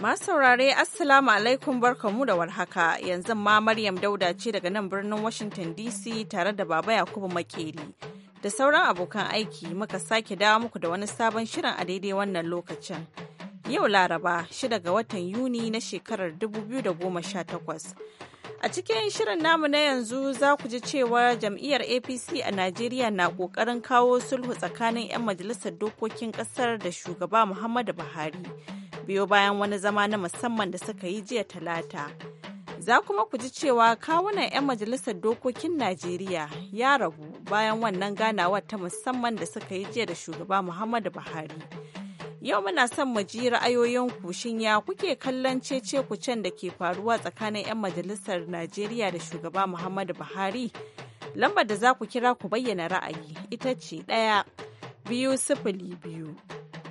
Masu saurare Assalamu alaikum barkamu da warhaka yanzu ma Maryam Dauda ce daga nan birnin Washington DC tare da Baba Yakubu Makeri da sauran abokan aiki muka sake dawo muku da wani sabon shirin a daidai wannan lokacin. Yau Laraba shida ga watan Yuni na shekarar 2018. A cikin shirin namu na yanzu za ku ji cewa jam'iyyar APC a Najeriya na ƙoƙarin kawo sulhu tsakanin 'yan majalisar dokokin ƙasar da shugaba Muhammadu Buhari. biyo bayan wani zama na musamman da suka yi jiya talata. Za kuma ku ji cewa kawunan 'yan majalisar dokokin Najeriya ya ragu bayan wannan ganawar ta musamman da suka yi jiya da shugaba Muhammadu Buhari. Yau muna son mu ji ra'ayoyinku shin ya kuke kallon cece kucen da ke faruwa tsakanin 'yan majalisar Najeriya da shugaba Muhammadu Buhari? Lambar da za ku kira ku bayyana ra'ayi ita ce ɗaya biyu sifili biyu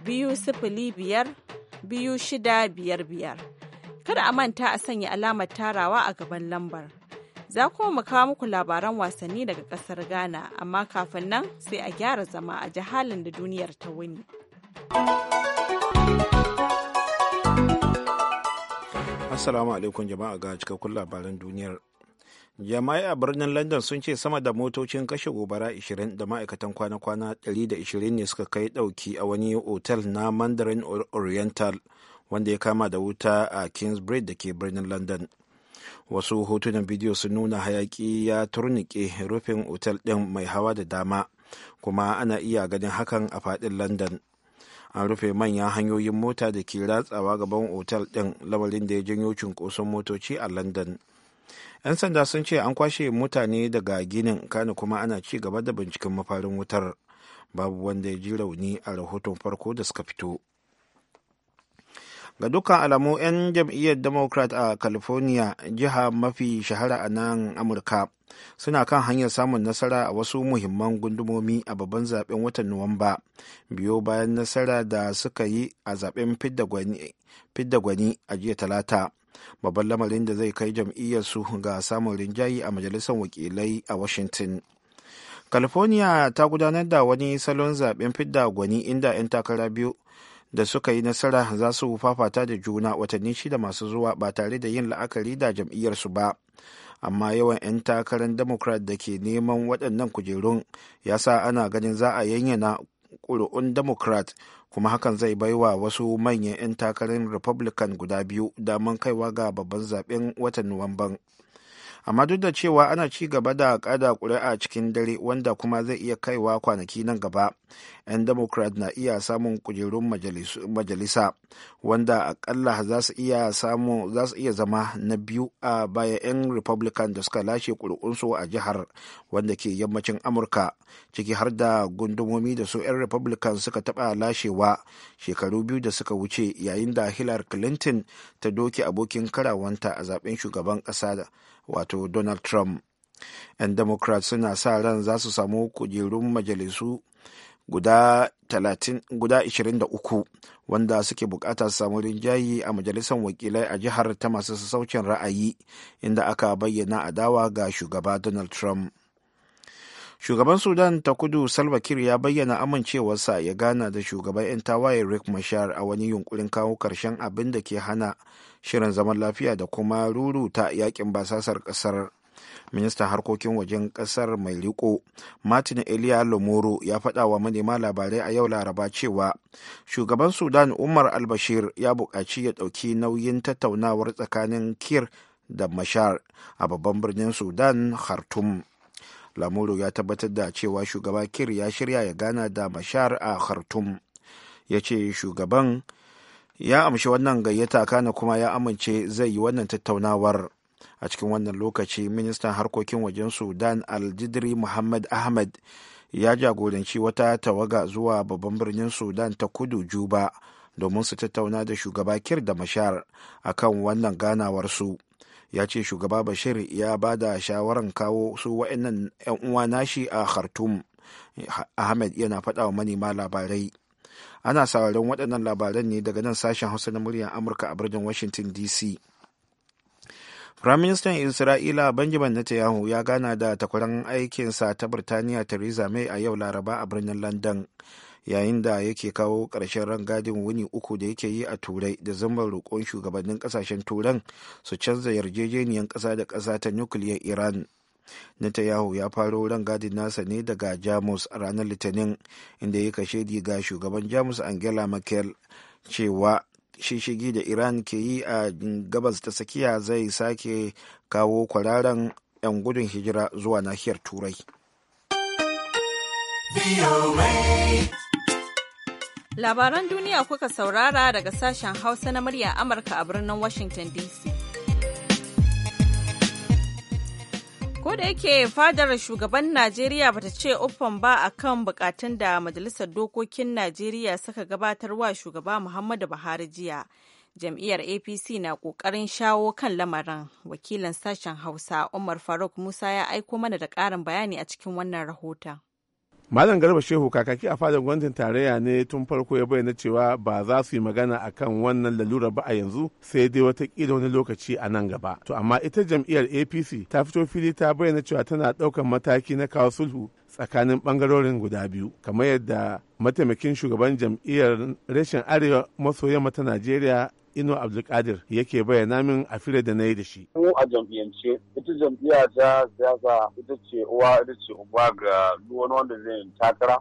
biyu sifili biyar biyu shida biyar biyar. Kada a manta a sanya alamar tarawa a gaban lambar. Za kuma mu kawo muku labaran wasanni daga kasar Ghana, amma kafin nan sai a gyara zama a jihalin da duniyar ta wuni. Assalamu alaikum jama'a ga cikakkun labaran duniyar. jama'ai a birnin london sun ce sama da motocin kashe gobara 20 da ma'aikatan kwana-kwana 120 ne suka kai dauki a wani otal na mandarin oriental wanda ya kama da wuta a kingsbridge da ke birnin london wasu hotunan bidiyo sun nuna hayaki ya turnike rufin otal ɗin mai hawa da dama kuma ana iya ganin hakan a faɗin london an rufe manyan hanyoyin mota da ke ratsawa gaban otal ɗin lamarin da ya janyo cunkoson motoci a london 'yan sanda sun ce an kwashe mutane daga ginin kana kuma ana ci gaba da binciken mafarin wutar babu wanda ya ji rauni a rahoton farko da suka fito ga dukkan alamu 'yan jam'iyyar democrat a california jiha mafi shahara a nan amurka suna kan hanyar samun nasara a wasu muhimman gundumomi a babban zaben watan nuwamba biyo bayan nasara da suka yi a zaben fidda gwani a jiya talata babban lamarin da zai kai jam'iyyarsu ga samun rinjaye a majalisar wakilai a washington california ta gudanar da wani salon zaben fidda gwani inda 'yan takara biyu da suka yi nasara za su fafata da juna watanni shida masu zuwa ba tare da yin la'akari da jam'iyyarsu ba amma yawan 'yan takarar democrat da ke neman waɗannan kujerun ya sa ana ganin za a yanyana ƙuri'un democrat kuma hakan zai baiwa wasu manyan 'yan takarar republican guda biyu daman kaiwa ga babban zaben watan nuwamban amma duk da cewa ana ci gaba da kada ƙuri'a cikin dare wanda kuma zai iya kaiwa kwanaki nan gaba 'yan democrat na iya samun kujerun majalisa wanda akalla za su iya samu za su iya zama na biyu a baya 'yan republican da suka lashe kuri'unsu a jihar wanda ke yammacin amurka ciki har da gundumomi da su 'yan republican suka taɓa lashewa shekaru biyu da suka wuce yayin da hillary clinton ta doke abokin karawanta a zaben shugaban ƙasa wato donald trump 'yan democrat suna sa ran za su samu kujerun majalisu guda 23 wanda suke bukata su samu rinjaye a majalisar wakilai a jihar ta masu sassaucin ra'ayi inda aka bayyana adawa ga shugaba donald trump shugaban sudan ta kudu salva kiir ya bayyana amincewarsa ya gana da shugaban 'yan tawaye rick mashar a wani yunkurin kawo karshen abin da ke hana shirin zaman lafiya da kuma ruruta yakin basasar kasar ministan harkokin wajen kasar mai riko martin eliya lomoro ya faɗa wa manema labarai a yau laraba cewa shugaban sudan umar albashir ya buƙaci ya ɗauki nauyin tattaunawar tsakanin kir da mashar a babban birnin sudan khartoum lamoro ya tabbatar da cewa shugaba kir ya shirya ya gana da mashar a khartoum ya ce shugaban ya amshi wannan gayyata kana kuma ya amince zai yi wannan tattaunawar a cikin wannan lokaci ministan harkokin wajen sudan aljidri muhammad ahmed ya jagoranci wata tawaga zuwa babban birnin sudan ta kudu juba domin su tattauna da shugaba kir da mashar a kan wannan ganawar su ya ce shugaba bashir ya ba da shawaran kawo su wa'annan 'yan uwa nashi a khartum ahmed yana faɗa wa manema labarai ana sauraron waɗannan labaran ne daga nan sashen hausa na muryar amurka a birnin washington dc Firaministan Isra'ila Benjamin Netanyahu ya gana da takwaran aikinsa ta Birtaniya Theresa May a yau Laraba a birnin London yayin da yake kawo karshen rangadin wuni uku da yake yi a Turai da zama roƙon shugabannin ƙasashen Turan su canza yarjejeniyar ƙasa da ƙasa ta nukiliyar Iran. Netanyahu ya faro rangadin nasa ne daga Jamus ranar Litinin inda ya kashe diga shugaban Jamus Angela Merkel cewa shishigi da iran ke yi a gabas ta tsakiya zai sake kawo kwararan 'yan gudun hijira zuwa nahiyar turai labaran duniya kuka saurara daga sashen hausa na murya amurka a birnin washington dc Ko yake fadar shugaban Najeriya bata ce uffan ba a kan bukatun da Majalisar Dokokin Najeriya saka gabatar wa shugaba Muhammadu Buhari jiya. Jam'iyyar APC na ƙoƙarin shawo kan lamarin. Wakilin sashen Hausa Umar Faruk Musa ya aiko mana da ƙarin bayani a cikin wannan rahoton. malam garba shehu kakaki a fadar gwamnatin tarayya ne tun farko ya bayyana cewa ba za su yi magana akan wannan lalura ba a yanzu sai dai watakila wani lokaci a nan gaba to amma ita jam'iyyar apc ta fito fili ta bayyana cewa tana ɗaukan mataki na kawo sulhu tsakanin ɓangarorin guda biyu kamar yadda mataimakin shugaban jam'iyyar rashin arewa maso yamma ta najeriya Inu Abdulkadir yake bayyana min a fira da na yi da shi. Mu a jam'iyyance ita jam'iyya ta siyasa ita ce uwa ita ce uba ga duk wani wanda zai takara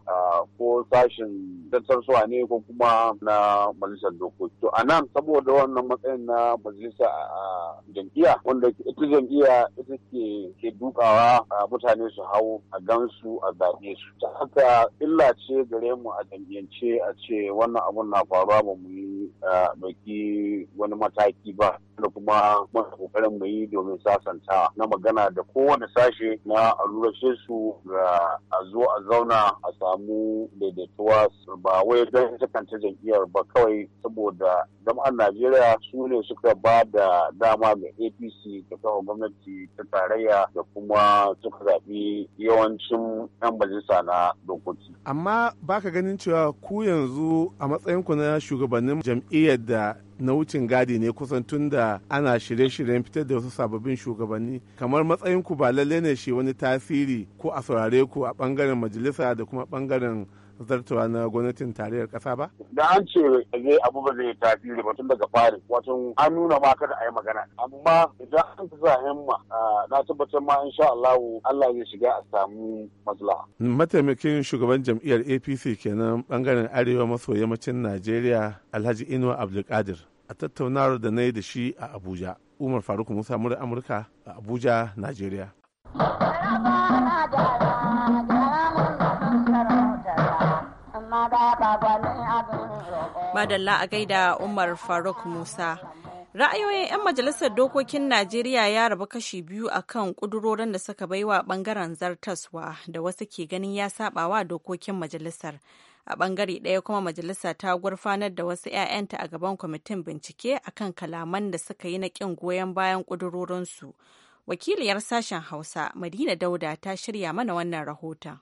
ko sashin suwa ne ko kuma na majalisar dokoki. To a nan saboda wannan matsayin na majalisa a jam'iyya wanda ita jam'iyya ita ke ke dukawa mutane su hau a gansu a zaɓe su. Ta haka illa ce gare mu a jam'iyyance a ce wannan abun na faruwa ba mu yi ɗauki wani mataki ba da kuma masu kokarin mu yi domin sasanta na magana da kowane sashe na alurashe su ga a zo a zauna a samu daidaituwa ba wai don sakanta jam'iyyar ba kawai saboda jama'ar najeriya su ne suka ba da dama ga apc da kawo gwamnati ta tarayya da kuma suka zaɓi yawancin 'yan majalisa na dokoki amma baka ganin cewa ku yanzu a matsayinku na shugabannin jam'iyyar da na wucin gadi ne kusan tun da ana shirye-shiryen fitar da wasu sababbin shugabanni kamar matsayin ku ba lalle ne shi wani tasiri ko a saurare ku a bangaren majalisa da kuma bangaren zartawa na gwamnatin tarayyar kasa ba? Da an ce zai abu ba zai tasiri ba tun daga fari wato an nuna ma kada a yi magana amma idan an sa himma na tabbatar ma insha Allah Allah zai shiga a samu maslaha. Mataimakin shugaban jam'iyyar APC kenan bangaren arewa maso yammacin Najeriya Alhaji Inuwa Abdulkadir. a tattaunawar da na yi da shi a abuja umar faruk musa mura amurka a abuja najeriya madalla a gaida umar faruk musa ra'ayoyin 'yan majalisar dokokin najeriya ya rabu kashi biyu a kan kudurorin da suka baiwa bangaren zartaswa da wasu ke ganin ya sabawa dokokin majalisar a bangare ɗaya kuma majalisa ta gurfanar da wasu 'ya'yanta a gaban kwamitin bincike a kan kalaman da suka yi na ƙin goyon bayan ƙudurorinsu wakiliyar sashen hausa madina dauda ta shirya mana wannan rahoton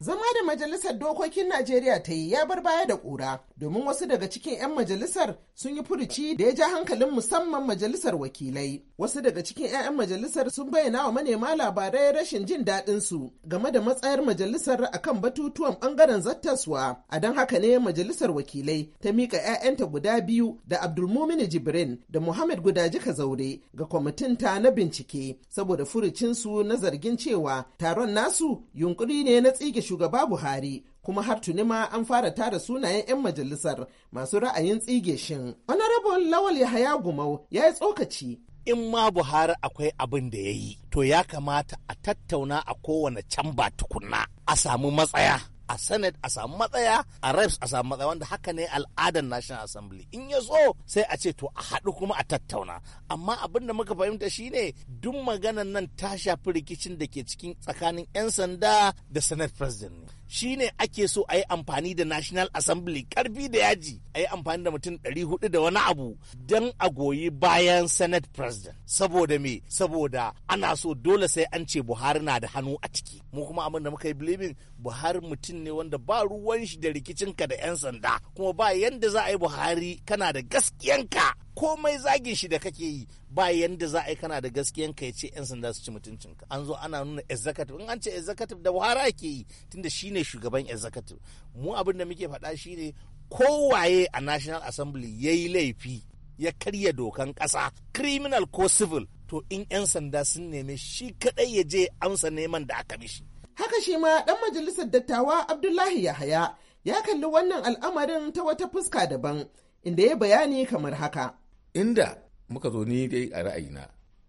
Zama da Majalisar Dokokin Najeriya ta yi ya bar baya da ƙura domin wasu daga cikin 'yan majalisar sun yi furuci da ya ja hankalin musamman majalisar wakilai. Wasu daga cikin 'ya'yan majalisar sun bayyana wa manema labarai rashin jin daɗin su game da matsayar majalisar akan batutuwan ɓangaren zattaswa. A don haka ne majalisar wakilai ta miƙa 'ya'yanta guda biyu da Abdulmumin Jibrin da Muhammad jika Zaure ga kwamitin ta na bincike saboda furucin su na zargin cewa taron nasu yunkuri ne na tsige shugaba Buhari kuma har tuni ma an fara tara sunayen 'yan majalisar masu ra'ayin tsige shin. Honorable Lawal Yahaya Gumau ya yi tsokaci. In ma Buhari akwai abin da ya yi, to ya kamata a tattauna a kowane can ba tukunna a samu matsaya. a senate a samu matsaya a reps a samu matsaya wanda haka ne al'adar national assembly in ya so sai a ce to a haɗu kuma a tattauna amma abin da muka fahimta shine duk maganan nan ta shafi rikicin da ke cikin tsakanin 'yan sanda da senate president ne shi ne ake so a yi amfani da national assembly karfi da yaji a yi amfani da mutum 400 da wani abu don a goyi bayan senate president saboda me saboda ana so dole sai an ce buhari na da hannu a ciki mu kuma abin da muka yi believing buhari mutum ne wanda ba ruwan shi da rikicinka da 'yan sanda kuma ba yanda za a yi buhari kana da gaskiyanka komai zagin shi da kake yi ba yanda za a yi kana da gaskiyan ka ya ce yan sanda su ci mutuncinka an zo ana nuna executive in an ce executive da wahara ake yi tunda shine shugaban executive mu abin da muke faɗa shine kowaye a national assembly ya yi laifi ya karya dokan ƙasa criminal ko civil to in 'yan sanda sun neme shi kaɗai ya je amsa neman da aka mishi haka shi ma ɗan majalisar dattawa abdullahi yahaya ya kalli wannan al'amarin ta wata fuska daban inda ya bayani kamar haka inda muka zo ni dai a ra'ayina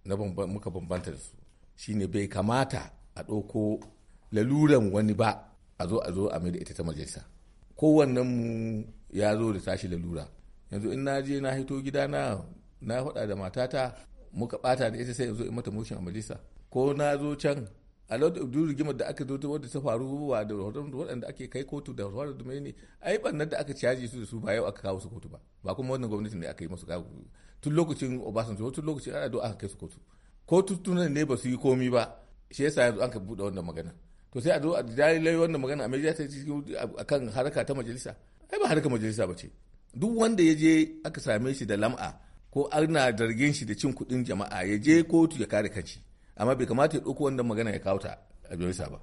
na muka bambanta da su shine bai kamata a ɗauko laluran wani ba a zo a zo a mai da ita ta majalisa kowannen mu ya zo da tashi lalura yanzu in na je na hito gida na na faɗa da matata muka ɓata da ita sai in zo in mata motion a majalisa ko na zo can a duri rigimar da aka zo wadda ta faru wa da waɗanda ake kai kotu da wasu da mai ne ai bannan da aka caji su da su ba yau aka kawo su kotu ba ba kuma wannan gwamnati ne aka yi musu kawo tun lokacin obasanjo tun lokacin ana aka kai su kotu kotu tun ne ba su yi komi ba shi yasa yanzu an ka buɗe wannan magana to sai a zo a lai wannan magana a mejiya ta a kan haraka ta majalisa ai ba haraka majalisa ba ce duk wanda ya je aka same shi da lam'a ko ana zargin shi da cin kuɗin jama'a ya je kotu ya kare kanshi amma bai kamata ya ɗauki wannan magana ya kawo ta a majalisa ba.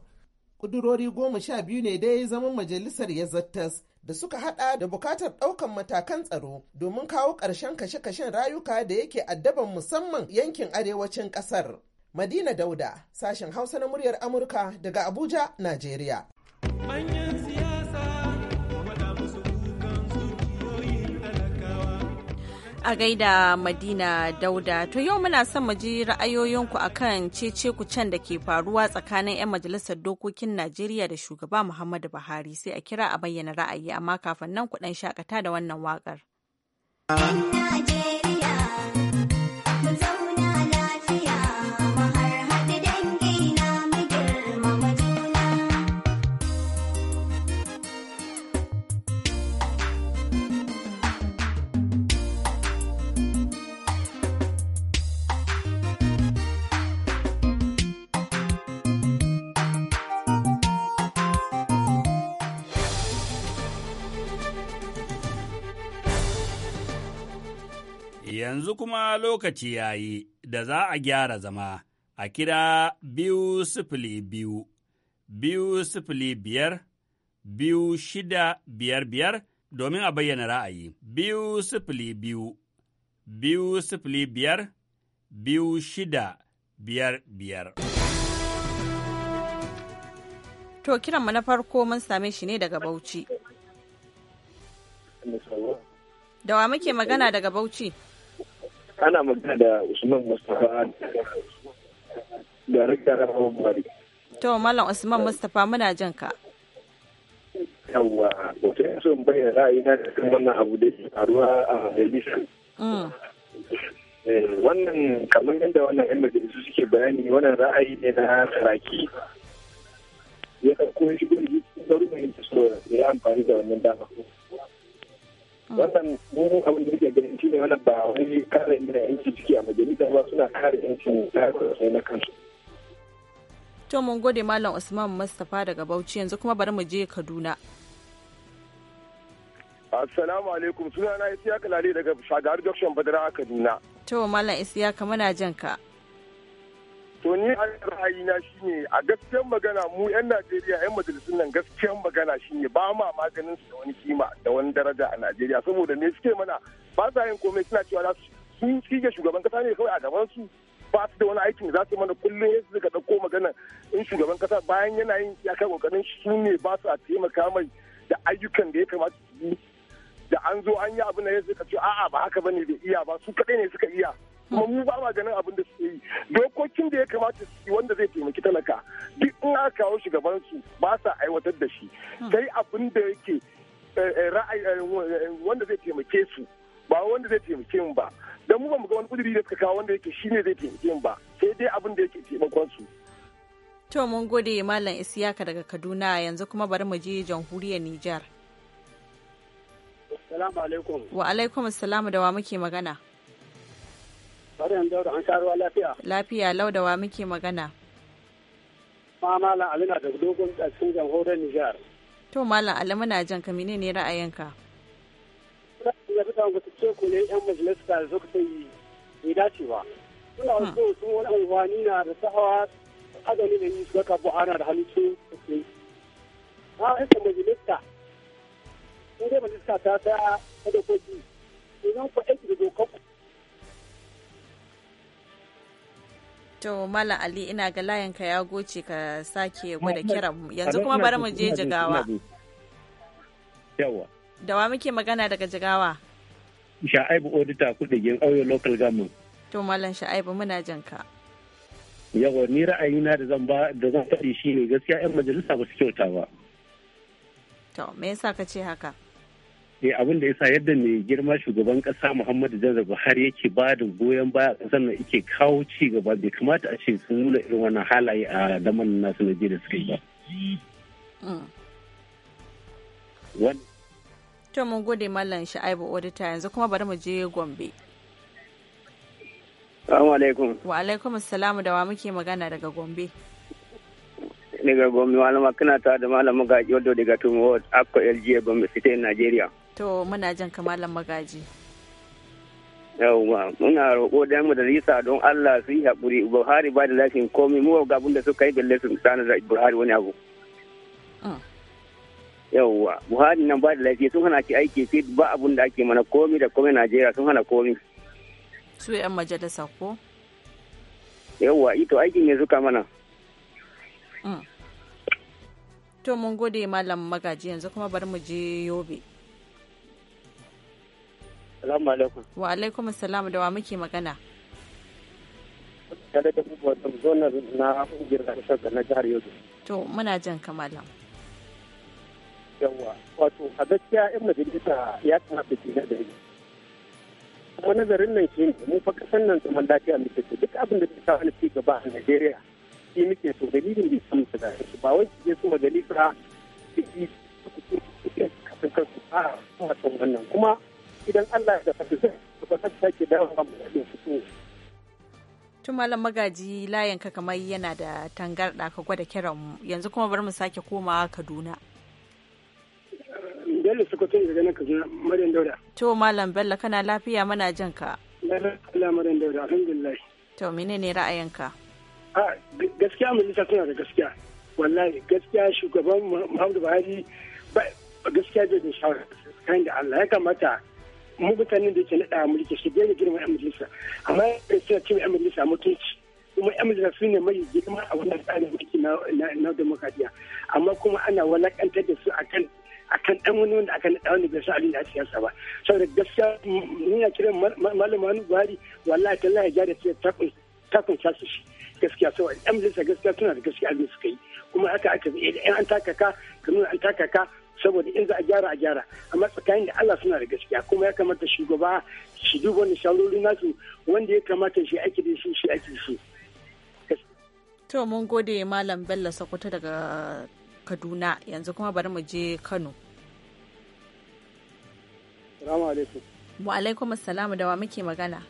kudurori goma sha biyu ne dai zaman majalisar ya zattas da suka hada da bukatar ɗaukan matakan tsaro domin kawo ƙarshen kashe-kashen rayuka da yake addaban musamman yankin arewacin ƙasar. Madina Dauda, sashen Hausa na muryar Amurka daga Abuja, Najeriya. Manyan a gaida madina dauda to yau muna son mu ji ra'ayoyinku akan cece ku can da ke faruwa tsakanin 'yan majalisar dokokin najeriya da shugaba muhammadu buhari sai a kira a bayyana ra'ayi amma kafin nan ku ɗan shakata da wannan waƙar. Najeriya. yanzu kuma lokaci ya yi da za a gyara zama a kira biyu sifili biyu, biyu sifili biyar, biyu shida biyar biyar domin a bayyana ra'ayi, biyu sifili biyu, biyu sifili biyar, biyu shida biyar biyar. To kiranmu na farko mun same shi ne daga Bauchi. dawa muke magana daga Bauchi? ana magana da usman mustapha da rikta bari. to malam usman mustapha muna jin ka yawwa wato ya so bayyana ra'ayina da kan wannan abu da ke faruwa a majalisa mm. eh, wannan kamar yadda wannan yan majalisu suke bayani wannan ra'ayi ne na saraki ya ɗauko shi gudu ya rubuta so ya amfani da wannan dama Mm. wannan kuma abin da muke ganin shi ne wannan ba wani kare na yanci ciki a majalisa ba suna kare yanci tsarin na kansu to mun gode malam usman mustafa daga bauchi yanzu kuma bari mu je kaduna assalamu alaikum suna na isiya kalale daga Shagari junction badara kaduna to malam isiya ka muna jan ka to ni a na shine a gaskiyar magana mu 'yan najeriya 'yan majalisun nan gaskiyar magana shine ba ma maganin su da wani kima da wani daraja a najeriya saboda me suke mana ba sa yin komai suna cewa sun tsige shugaban kasa ne kawai a gaban su ba su da wani aikin za su mana kullum yanzu daga dauko magana in shugaban kasa bayan yana yin iyakar kokarin su ne ba su a taimaka mai da ayyukan da ya kamata su yi da an zo an yi abin da ya suka ce a'a ba haka bane da iya ba su kaɗai ne suka iya kuma mu ba ma ganin abin da suke yi dokokin da ya kamata su yi wanda zai taimaki talaka duk in aka kawo shugaban su ba sa aiwatar da shi hmm. sai abin da yake eh, eh, eh, wanda zai taimake su ba wanda zai taimake mu ba dan mu ba mu ga wani kudiri da suka kawo wanda yake shine zai taimake mu ba sai dai abin da yake taimakon su to mun gode malam isiyaka daga kaduna yanzu kuma bari mu je jamhuriyar nijar. Assalamu alaikum. Wa alaikum assalamu da wa muke magana. an lafiya. Lafiya lau da wa muke magana. Ma Malam Ali na da dogon a cikin jamhuriyar Nijar. To Malam Ali muna jan ka mene ne ra'ayinka? ya fi ta wata ce ku ne 'yan majalisa da suka yi bai dace dacewa. Suna wasu sun wani amfani na da sahawa ganin da yi suka ka ana da halittu. Ha, hmm. ita majalisa in dai majalisa ta ta ta dokoki idan ku aiki da dokan ku. To Mala Ali ina ga layinka ya goce ka sake gwada kiran yanzu kuma bari mu je jigawa. Yawa. Da wa muke magana daga jigawa? Sha'aibu Odita Kudigin Auyo Local Government. To Malam Sha'aibu muna jin ka. Yawa ni ra'ayina da zan ba da zan faɗi shine gaskiya 'yan majalisa ba su kyauta ba. To me yasa ka ce haka? ce eh, abin da yasa yadda mai girma shugaban kasa Muhammadu Janar Buhari yake ba da goyon baya kasar nan yake kawo ci gaba bai kamata a ce sun nuna irin wannan halaye a daman nasu da suka yi ba. Mm. To mun gode Mallam Sha'ibu Odita yanzu kuma bari mu je Gombe. Assalamu alaikum. Wa alaikum assalamu da wa muke magana daga Gombe. Daga Gombe malama kana ta da malama ga Yodo daga Tumo Akko LG Gombe in Nigeria. to muna jin kamalan magaji yawwa muna roƙo da risa don Allah su yi haƙuri Buhari ba da lafiyan komai mu ga da suka yi balle su tsana da Buhari wani abu mm. yawwa Buhari nan ba da lafiya sun hana ki aiki sai ba abun da ake mana komai da komai Najeriya sun hana komai su yan majalisa ko yawwa ito aikin ne suka mana mm. to mun gode malam magaji yanzu kuma bari mu je Yobe Salamu alaikum. Wa alaikum assalamu da wa muke magana. Kada da kuma wata zonar na kungiyar ƙarshen na jihar Yobe. To muna jan kamala. Yawwa, wato a gaskiya yan majalisa ya kamata ke nazari. Kuma nazarin nan shi mun fa kasan nan zaman lafiya muke so duk abin da ta wani ci gaba a Najeriya shi muke so dalilin da samu su da ba wai su je su majalisa su yi su kuɗi kafin kansu a wannan kuma idan Allah da sake tun malam magaji layan ka kamar yana da tangarɗa ka gwada kiran mu yanzu kuma bari mu sake komawa Kaduna Bello Sokoto daga nan Kaduna Maryam Dauda to malam Bello kana lafiya mana jin ka Allah Maryam Dauda alhamdulillah to menene ra'ayinka a gaskiya mun suna da gaskiya wallahi gaskiya shugaban Muhammadu Buhari gaskiya da shawara kan da Allah ya kamata mu mutanen da yake naɗa a mulki su daina girma yan majalisa amma da suna cewa yan majalisa mutunci kuma yan majalisa su ne mai girma a wannan tsarin mulki na demokradiyya amma kuma ana walakantar da su akan akan dan wani wanda aka naɗa wani bai sa abin da siyasa ba saboda gaskiya ni na kiran malam Manu Buhari wallahi tallahi ja da ta takun takun su shi gaskiya saboda yan majalisa gaskiya suna da gaskiya abin suka yi kuma haka aka yi an taka ka ka kamar an takaka saboda in za a gyara a gyara amma tsakanin da Allah suna da gaskiya kuma ya kamata shugaba shi duba wani shalolin nasu wanda ya kamata shi ake da shi shi ake da shi. To mun gode Malam Bello Sokoto daga Kaduna yanzu kuma bari mu je Kano. Salamu alaikum. Wa alaikum assalamu da wa muke magana.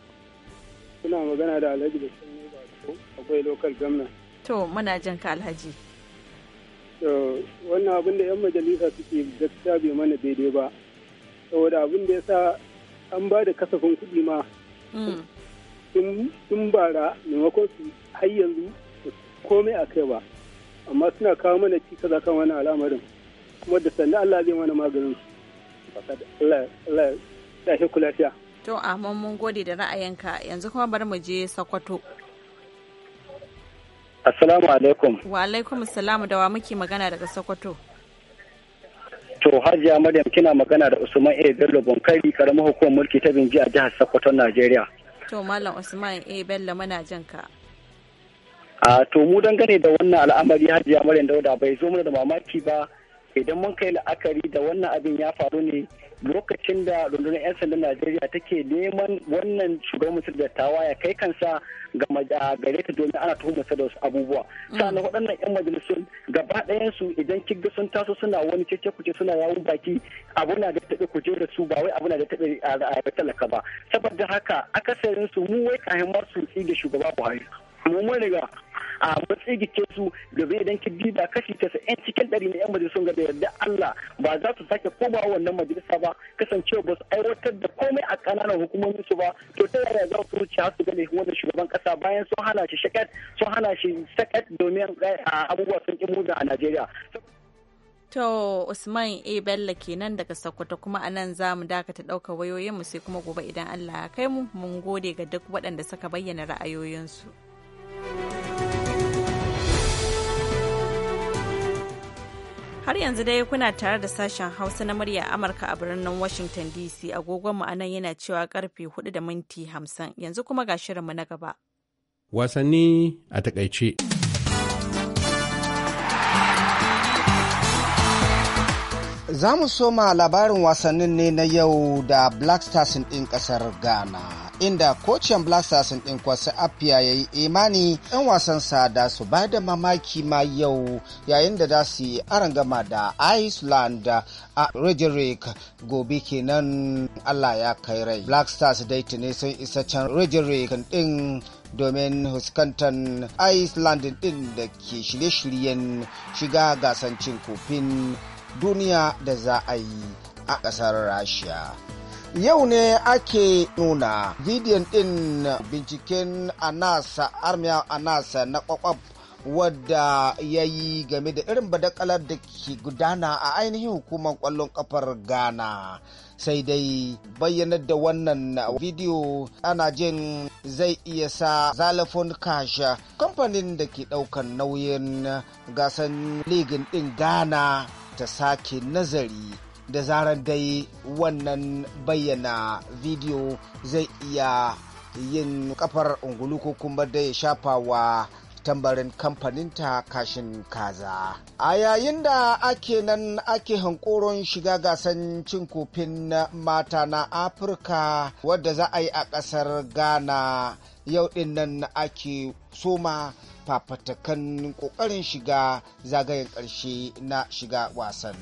Kuna magana da Alhaji da Sanyi Bako akwai lokal gamna. To muna jan ka Alhaji. wannan abin da 'yan majalisa suke gaskiya bai mana daidai ba saboda abin da ya sa an ba da kasafin kuɗi ma sun hmm. bara maimakon su har yanzu komai a kai ba amma suna kawo mana ci kaza kan wani al'amarin kuma da sannan Allah zai mana maganin su. Allah ya kula lafiya. To amma mun gode da ra'ayinka yanzu kuma bari mu je Sokoto. Assalamu alaikum. Wa alaikum assalamu da wa muke magana daga Sokoto. To Hajiya Maryam kina magana da Usman A Bello Bonkari karamar hukumar mulki ta Binji a jihar Sokoto Najeriya. To Malam Usman A Bello muna jin ka. A to mu dangane da wannan al'amari Hajiya Maryam Dauda bai zo mana da mamaki ba idan mun kai la'akari da wannan abin ya faru ne lokacin da rundunar 'yan sandan najeriya take neman wannan shugaban musul da tawaya kai kansa ga gare ta domin ana tuhumarsa da wasu abubuwa mm. sannan waɗannan 'yan majalisun gaba ɗayansu idan kiga sun taso suna wani cece kuce suna yawon baki abu da taɓe kuje da su ba wai abu na da taɓe a talaka ba saboda haka akasarinsu mu wai kahin masu tsige shugaba buhari mu mun riga a matsayin jikin su gabe idan ki diba kashi casa'in cikin ɗari na 'yan majalisun da yadda Allah ba za su sake koma wannan majalisa ba kasancewa ba su aiwatar da komai a ƙananan hukumomin su ba to ta yaya za su wuce su gane wanda shugaban ƙasa bayan sun hana shi shakat sun hana shi sakat domin eh, abubuwa sun ƙi muda a Najeriya. To Usman A. Bello kenan daga Sokoto kuma a nan za mu dakata ɗaukar wayoyinmu sai kuma gobe idan Allah ya kai mu mun gode ga duk waɗanda suka bayyana ra'ayoyinsu. Har yanzu dai kuna tare da sashen Hausa na murya Amurka a birnin Washington DC agogonmu a nan yana cewa karfe 4 da minti 50 yanzu kuma ga shirinmu na gaba. Wasanni a takaice. Za mu soma labarin wasannin ne na yau da Black Stars ɗin ƙasar Ghana, inda kocin Black Stars ɗin kwasa Afiya ya yi imani 'yan wasansa da su ba da mamaki ma yau yayin da za su yi arangama da Iceland a Regerik gobe kenan Allah ya kai rai. Black Stars dai tuni sun isa can ɗin domin huskantan Iceland ɗin da ke shirye-shiryen shiga gasancin kofin duniya da za a yi a ƙasar rasha yau ne ake nuna bidiyon ɗin binciken anasa armiya anasa na kwakwab wadda ya yi game da irin badakalar da ke gudana a ainihin hukumar ƙwallon ƙafar ghana sai dai bayyanar da wannan bidiyo ana jin zai iya sa zalafin kasha kamfanin da ke daukan nauyin gasan ligin ɗin ghana ta sake nazari da zarar dai wannan bayyana bidiyo zai iya yin kafar ungulu ko kuma da ya shafa wa tambarin kamfaninta kashin kaza a yayin da ake nan ake hankoron shiga gasan cin kofin mata na afirka wadda za a yi a kasar ghana yau din nan ake soma fafatakan kokarin shiga zagayen ƙarshe na shiga wasan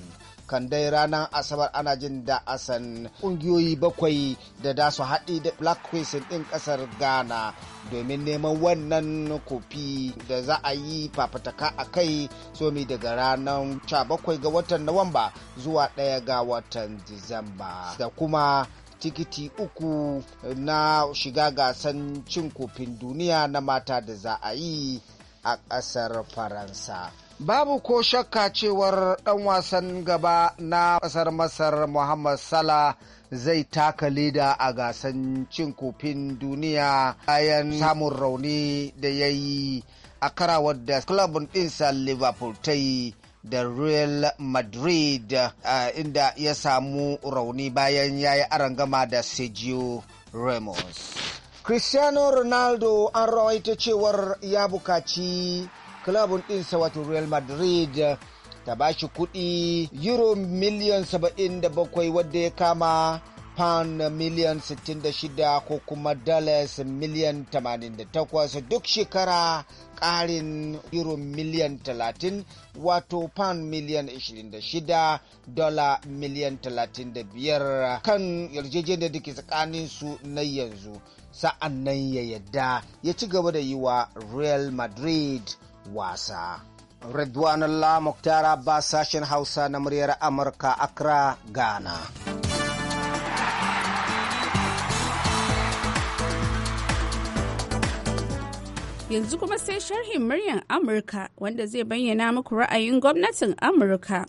kan ranar asabar ana jin da asan kungiyoyi bakwai da da su haɗi da black crescent ɗin ƙasar ghana domin neman wannan kofi da za a yi fafataka a kai somi daga ranar 17 ga watan nawamba zuwa 1 ga watan disamba da kuma tikiti uku na shiga gasan cin kofin duniya na mata da za a yi a ƙasar Faransa. Babu ko shakka cewar ɗan wasan gaba na ƙasar Masar Muhammad sala zai taka leda a gasan cin kofin duniya bayan samun rauni da ya yi a karawar da club ɗinsa Liverpool ta yi da Real Madrid uh, inda ya samu rauni bayan ya yi arangama da Sergio Ramos. cristiano ronaldo an rawaita cewar ya bukaci klabin' dinsa wato real madrid ta ba shi kuɗi euro miliyan 77 wadda ya kama pound miliyan 66 ko kuma dollars miliyan 88 duk shekara ƙarin euro miliyan 30 wato pound miliyan 26 dola miliyan 35 kan yarjejeniyar da ke su na yanzu sa'an nan ya yadda ya ci gaba da yi wa real madrid wasa redwanallah muktara ba sashen hausa na muryar amurka accra ghana yanzu kuma sai sharhin muryar amurka wanda zai bayyana muku ra'ayin gwamnatin amurka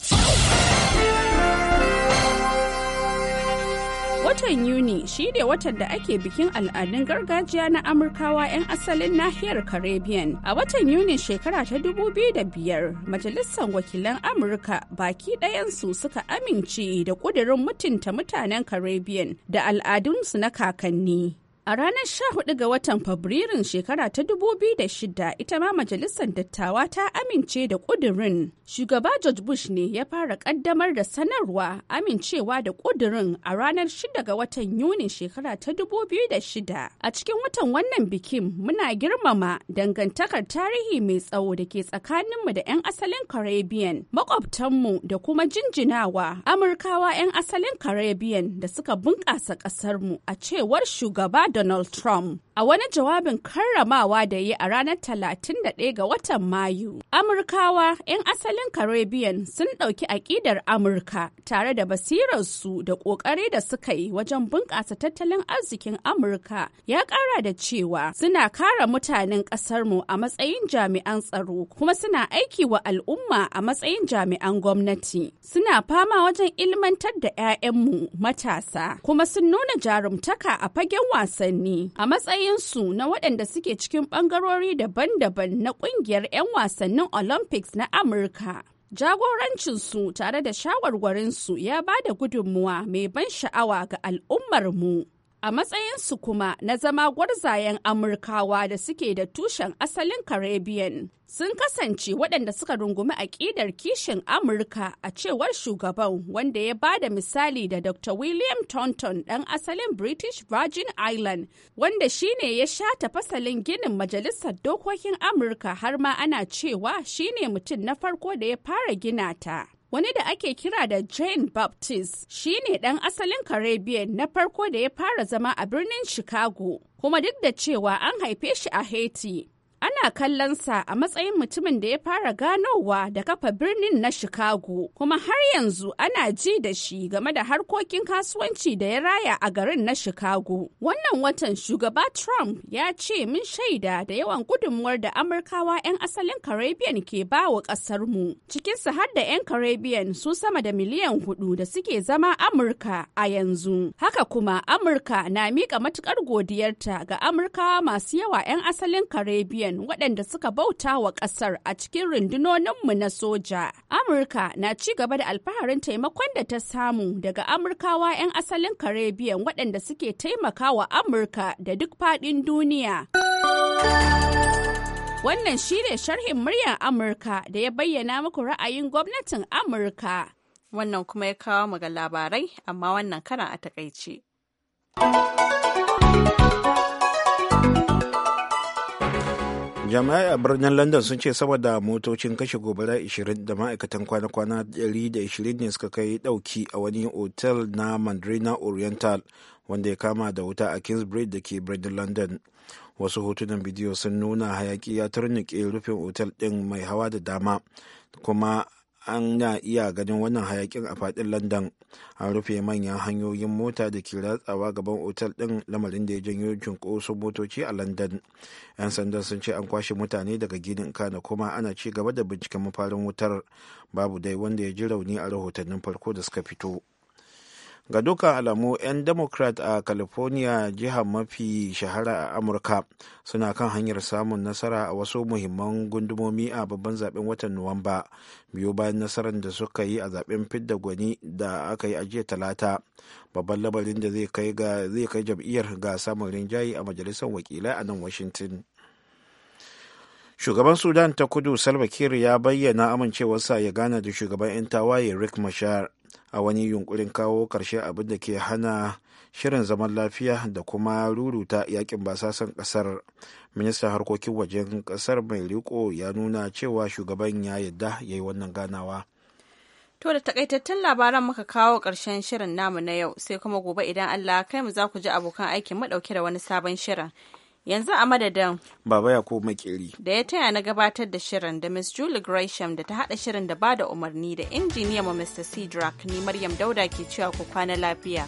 Watan Yuni shi ne watan da ake bikin al'adun gargajiya na Amurkawa 'yan asalin nahiyar Caribbean. A watan Yuni shekara ta dubu biyu da biyar, Majalisar Wakilan Amurka baki ɗayansu suka amince da ƙudurin mutunta mutanen Caribbean da al'adunsu na kakanni. A ranar 14 ga watan fabrairun shekara ta 2006 ita ma majalisar dattawa ta amince da ƙudurin. Shugaba George Bush ne ya fara ƙaddamar da sanarwa amincewa da ƙudurin a ranar 6 ga watan Yuni shekara ta 2006. A cikin watan wannan bikin muna girmama dangantakar tarihi mai tsawo da ke tsakaninmu da 'yan asalin Caribbean, makwabtanmu da kuma jinjinawa Amurkawa 'yan asalin Caribbean da suka bunƙasa ƙasarmu a cewar shugaba Donald Trump. A wani jawabin karramawa da yi a ranar 31 ga watan Mayu, Amurkawa 'yan asalin Caribbean sun ɗauki aƙidar Amurka tare da basirarsu da ƙoƙari da suka yi wajen bunƙasa tattalin arzikin Amurka ya ƙara da cewa suna kare mutanen ƙasarmu a matsayin jami'an tsaro kuma suna aiki wa al'umma a matsayin jami'an gwamnati. Suna fama wajen ilmantar da 'ya'yanmu matasa kuma sun nuna jarumtaka a fagen wasanni a matsayin matsayinsu na waɗanda suke cikin ɓangarori daban-daban na ƙungiyar 'yan wasannin Olympics na Amurka. Jagorancinsu tare da shawarwarinsu ya ba da gudunmuwa mai ban sha'awa ga al'ummarmu. a matsayinsu kuma na zama gwarzayen Amurkawa da suke da tushen asalin Caribbean. Sun kasance waɗanda suka rungumi aƙidar kishin Amurka a cewar shugaban wanda ya ba da misali da Dr. William Thornton ɗan asalin British Virgin Island wanda shine ya sha ta fasalin ginin Majalisar Dokokin Amurka har ma ana cewa shine mutum na farko da ya fara gina ta. wani da ake kira da Jane Baptist ne ɗan asalin Caribbean na farko da ya fara zama a birnin Chicago, kuma duk da cewa an haife shi a Haiti, Ana sa a matsayin mutumin da ya fara ganowa da kafa birnin na Chicago, kuma har yanzu ana ji da shi game da harkokin kasuwanci da ya raya a garin na Chicago. Wannan watan shugaba Trump ya ce mun shaida da yawan gudunmuwar da Amurkawa 'yan asalin Caribbean ke ba wa ƙasarmu, cikinsu har da 'yan Caribbean su sama da miliyan hudu da suke zama Amurka a yanzu. Haka kuma Amurka na miƙa matuƙar godiyarta ga Amurkawa masu yawa 'yan asalin Caribbean waɗanda suka bauta wa ƙasar a cikin rundunoninmu na soja. Amurka na ci gaba da alfaharin taimakon da ta samu daga Amurkawa 'yan asalin karebiyan waɗanda suke taimakawa Amurka da duk faɗin duniya. Wannan shi sharhin muryar Amurka da ya bayyana muku ra'ayin gwamnatin Amurka. Wannan kuma ya kawo mu ga labarai, amma wannan karan a takaice. jami'ai a birnin london sun ce sama da motocin kashe gobara 20 da ma'aikatan kwana-kwana 120 ne suka kai dauki a wani otel na mandarina oriental wanda ya kama da wuta a kingsbridge da ke birnin london wasu hotunan bidiyo sun nuna hayaki ya turnike rufin otel din mai hawa da dama kuma an na iya ganin wannan hayakin a fadin london an rufe manyan hanyoyin mota da ke ratsawa gaban otal din lamarin da ya janyo cunkoso motoci a london 'yan sandan sun ce an kwashe mutane daga ginin kana kuma ana ci gaba da binciken mafarin wutar babu dai wanda ya ji rauni a rahotannin farko da suka fito ga dukkan alamu 'yan democrat a california jiha mafi shahara a amurka suna kan hanyar samun nasara a wasu muhimman gundumomi a babban zaben watan nuwamba biyu bayan nasarar da suka yi a zaben fidda gwani da aka yi a jiya talata babban labarin da zai kai ga zai kai jam'iyyar ga samun rinjaye a majalisar wakilai a nan washington shugaban sudan ta kudu salva kiir ya bayyana amincewarsa ya gana da shugaban 'yan tawaye rick mashar a wani yunkurin kawo ƙarshe abin da ke hana shirin zaman lafiya da kuma ruruta yakin basasan ƙasar ministan harkokin wajen ƙasar mai riko ya nuna cewa shugaban ya yadda ya yi wannan ganawa To da takaitattun labaran muka kawo ƙarshen shirin namu na yau sai kuma gobe idan Allah kai mu za ku ji abokan aikin mu ɗauke da wani sabon shirin. yanzu a madadin baba ya ko makeri da ya taya na gabatar da shirin da miss julie gresham da ta haɗa shirin da ba da umarni da injiniya ma mr cedric ni maryam dauda ke cewa ku kwana lafiya